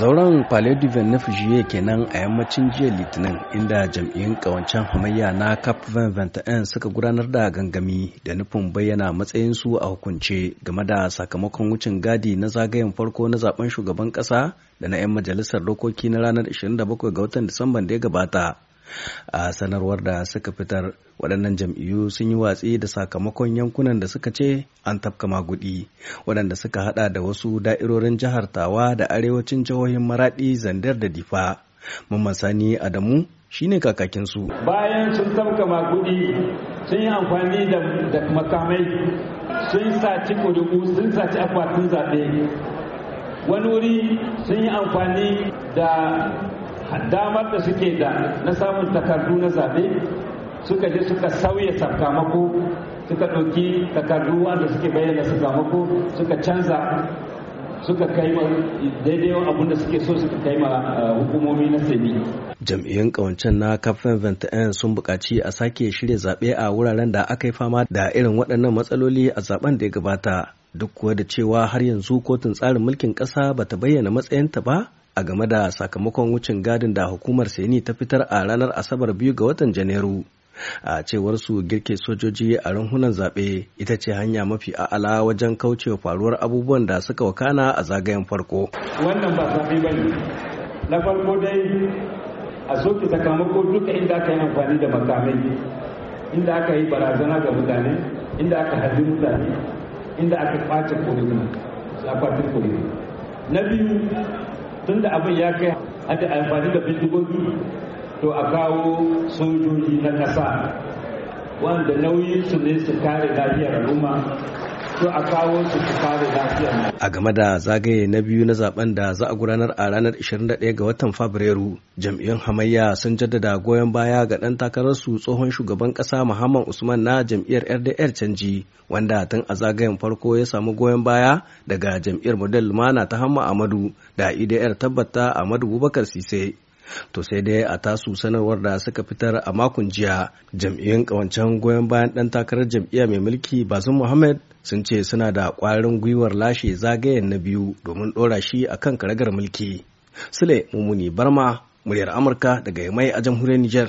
zauren palais du kenan a yammacin jiya litinin inda jam'iyyun kawancen hamayya na cap 2021 suka gudanar da gangami da nufin bayyana matsayinsu a hukunce game da sakamakon wucin gadi na zagayen farko na zaben shugaban kasa da na 'yan majalisar dokoki na ranar 27 ga watan disamban da ya gabata a sanarwar da suka fitar waɗannan jam'iyyu sun yi watsi da sakamakon yankunan da suka ce an tafka magudi waɗanda suka hada da wasu da'irorin jihar tawa da arewacin jihohin maradi zandar da difa mamman sani adamu shine kakakinsu bayan sun tafka magudi sun yi amfani da makamai sun saci kudugu sun saci akwatin zaɓe wani wuri sun yi amfani da damar da suke da na samun takardu na zaɓe suka je suka sauya sakamako suka ɗauki takardu wanda suke bayyana sakamako suka canza suka kai daidai abin da suke so suka kai ma eh, hukumomi na sani. Jam'iyyun kawancen na kafin 21 sun buƙaci a sake shirya zaɓe a wuraren da aka yi fama da irin waɗannan matsaloli a zaɓen da ya gabata. Duk kuwa da cewa har yanzu kotun tsarin mulkin ƙasa ta bayyana matsayinta ba a game da sakamakon wucin gadin da hukumar Seni ta fitar a ranar Asabar biyu ga watan Janairu. A cewar su girke sojoji a runhunan zaɓe ita ce hanya mafi a'ala wajen kaucewa faruwar abubuwan da suka wakana a zagayen farko. Wannan ba zaɓe ba ne. Na farko dai a soke sakamako duka inda aka yi amfani da makamai, inda aka yi barazana ga mutane, inda aka haɗi mutane, inda aka kwace kuri Na biyu tun da abin ya kai an da amfani da bindigogi to a kawo sojoji na ƙasa wanda nauyinsu ne su kare lafiyar al'umma su a kawo su su fara A game da zagaye na biyu na zaben da za a gudanar a ranar 21 ga watan Fabrairu, jam'iyyun hamayya sun jaddada goyon baya ga ɗan takararsu tsohon shugaban ƙasa Muhammad Usman na jam'iyyar RDR canji, wanda tun a zagayen farko ya samu goyon baya daga jam'iyyar Model Lumana ta Hamma Amadu da IDR tabbata Amadu Bubakar Sise. To sai dai a tasu sanarwar da suka fitar a makon jiya jam'iyyun kawancen goyon bayan ɗan takarar jam'iyya mai mulki bazin Muhammad sun ce suna da ƙwarin gwiwar lashe zagayen na biyu domin ɗora shi a kan karagar mulki. Sule Mumuni Barma, muryar Amurka daga Yamai a jamhuriyar Nijar.